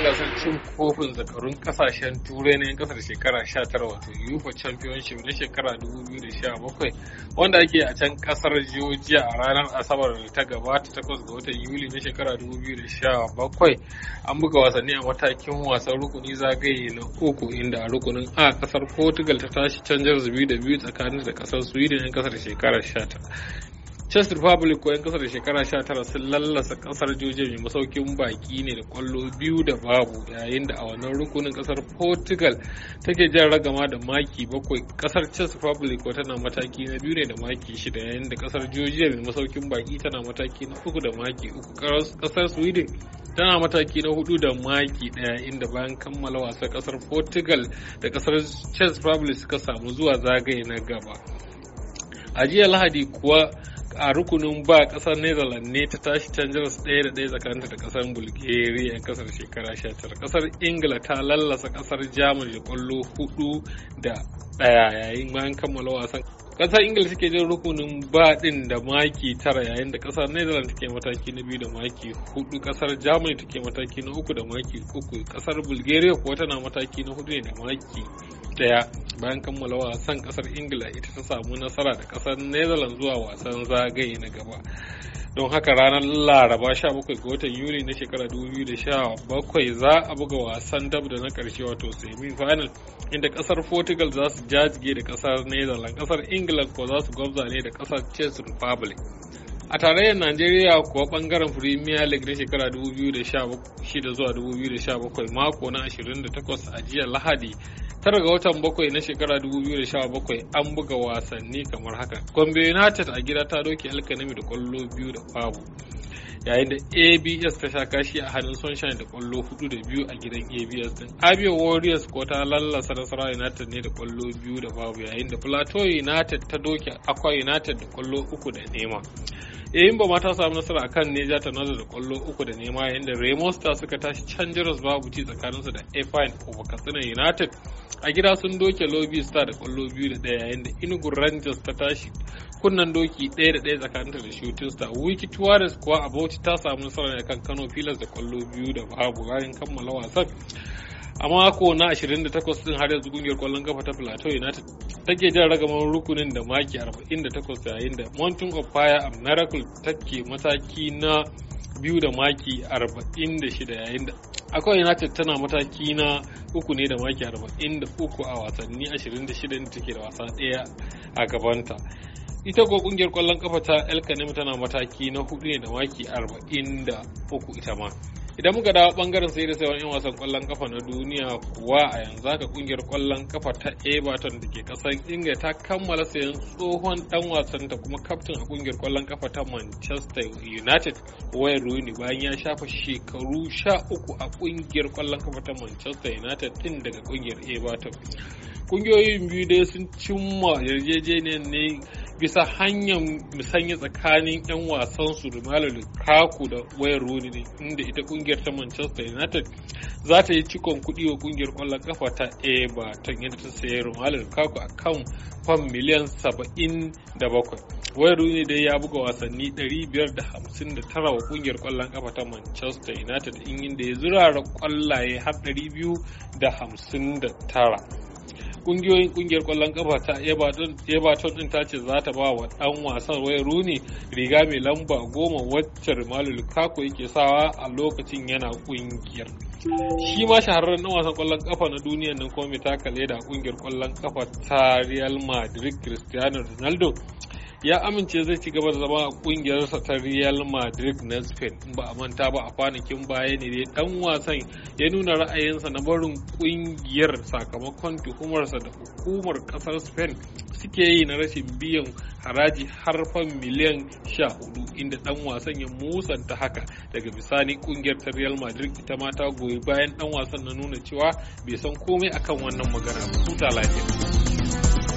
sami sun cin kofin zakarun kasashen turai na 'yan kasar shekara 19 wato UEFA Championship na shekara 2017 wanda ake a can kasar Georgia a ranar Asabar da ta gabata 8 ga watan Yuli na shekara 2017 an buga wasanni a matakin wasan rukuni zagaye na uku inda a rukunin A kasar Portugal ta tashi canjar zubi da biyu tsakanin da kasar Sweden 'yan kasar shekara 19 chess Republic ko 'yan kasar da shekara 19 sun lallasa kasar Georgia mai masaukin baki ne da kwallo biyu da babu yayin da a wannan rukunin kasar Portugal take jan ragama da maki bakwai kasar chess Republic ko tana mataki na biyu ne da maki shida yayin da kasar Georgia mai masaukin baki tana mataki na uku da maki uku kasar Sweden tana mataki na hudu da maki daya inda bayan kammala wasan kasar Portugal da kasar chess Republic suka samu zuwa zagaye na gaba. A jiya Lahadi kuwa a rukunin ba kasar netherlands ne ta tashi su ɗaya da ɗaya tsakaninta da kasar bulgaria kasar shekara 19 kasar ingila ta lallasa kasar germany da kwallo hudu da ɗaya yayin bayan kammala wasan kasar ingila take jin rukunin ba din da maki tara yayin da kasar netherlands take mataki na biyu da maki hudu kasar germany take mataki na uku da maki uku kasar bulgaria kuwa tana mataki na hudu ne da maki daya bayan kammala wasan kasar ingila ita ta samu nasara da kasar netherlands zuwa wasan zagaye na gaba don haka ranar laraba 17 ga watan yuli na shekara 2017 za a buga wasan dab da na karshe wato semi final inda kasar portugal za su jajige da kasar netherlands kasar england ko za su gwabza ne da kasar czech republic a tarayyar najeriya kuwa bangaren premier league na shekara 2016 zuwa 2017 mako na 28 a jiya lahadi tara ga watan bakwai na shekara 2017 an buga wasanni kamar haka gombe united a gida ta doke alkanami da kwallo biyu da babu yayin da abs ta sha kashi a hannun sunshine da kwallo hudu da biyu a gidan abs din abia warriors ko ta lallasa nasara united ne da kwallo biyu da babu yayin da plateau united ta doke akwa united da kwallo uku da nema Eyimba eh, ma ta samu nasara a kan Neja ta nazar da kwallo uku da nema yayin da Remo suka tashi can babu ci tsakaninsu da ko Katsina United. A gida sun doke Lobby Star da kwallo biyu da ɗaya yayin da Inugu Rangers ta tashi kunnan doki ɗaya da ɗaya tsakaninta da Shooting Star. Wiki da kuwa a Bauchi ta samu nasara ne akan Kano Pilas da kwallo biyu da babu bayan kammala wasan. a mako na 28 din har yanzu kungiyar kwallon kafa ta plateau united take jin ragaman rukunin da maki 48 yayin da mountain of fire a miracle take mataki na biyu da maki 46 yayin da akwai united tana mataki na uku ne da maki 43 a wasanni 26 da take da wasa daya a gabanta ita ko kungiyar kwallon kafa ta elkanim tana mataki na hudu ne da maki 43 ita ma idan muka dawo bangaren sai da sayan 'yan wasan kwallon kafa na duniya kuwa a yanzu haka kungiyar kwallon kafa ta everton da ke kasar ingila ta kammala sayan tsohon dan wasan ta kuma kaftin a kungiyar kwallon kafa ta manchester united wayan rooney bayan ya shafa shekaru sha uku a kungiyar kwallon kafa ta manchester united din daga kungiyar everton kungiyoyin biyu dai sun cimma yarjejeniyar ne bisa hanyar musanya tsakanin 'yan wasan su malalin Lukaku da wayar roni ne inda ita kungiyar ta Manchester United za ta yi cikon kuɗi wa kungiyar ƙwallon kafa ta Everton yadda ta sayi malalin Lukaku a kan fam miliyan 77. Wayar roni dai ya buga wasanni 559 wa kungiyar ƙwallon kafa ta Manchester United inda ya zurara ƙwallaye har 259. kungiyoyin kungiyar kwallon kafa ta Everton din ta ce za ta ba wa dan wasan wayar runi riga mai lamba goma wacce Romelu Lukaku yake sawa a lokacin yana kungiyar. Shi ma shahararren dan wasan kwallon kafa na duniya nan kuma mai taka da kungiyar kwallon kafa ta Real Madrid Cristiano Ronaldo ya amince zai ci gaba da zama a kungiyarsa ta Real Madrid na Spain in ba a manta ba a kwanakin baya ne dai dan wasan ya nuna ra'ayinsa na barin kungiyar sakamakon tuhumarsa da hukumar kasar Spain suke yi na rashin biyan haraji harfan miliyan 14 inda dan wasan ya musanta haka daga bisani kungiyar ta Real Madrid ita ma ta goyi bayan dan wasan na nuna cewa bai san komai akan wannan magana ba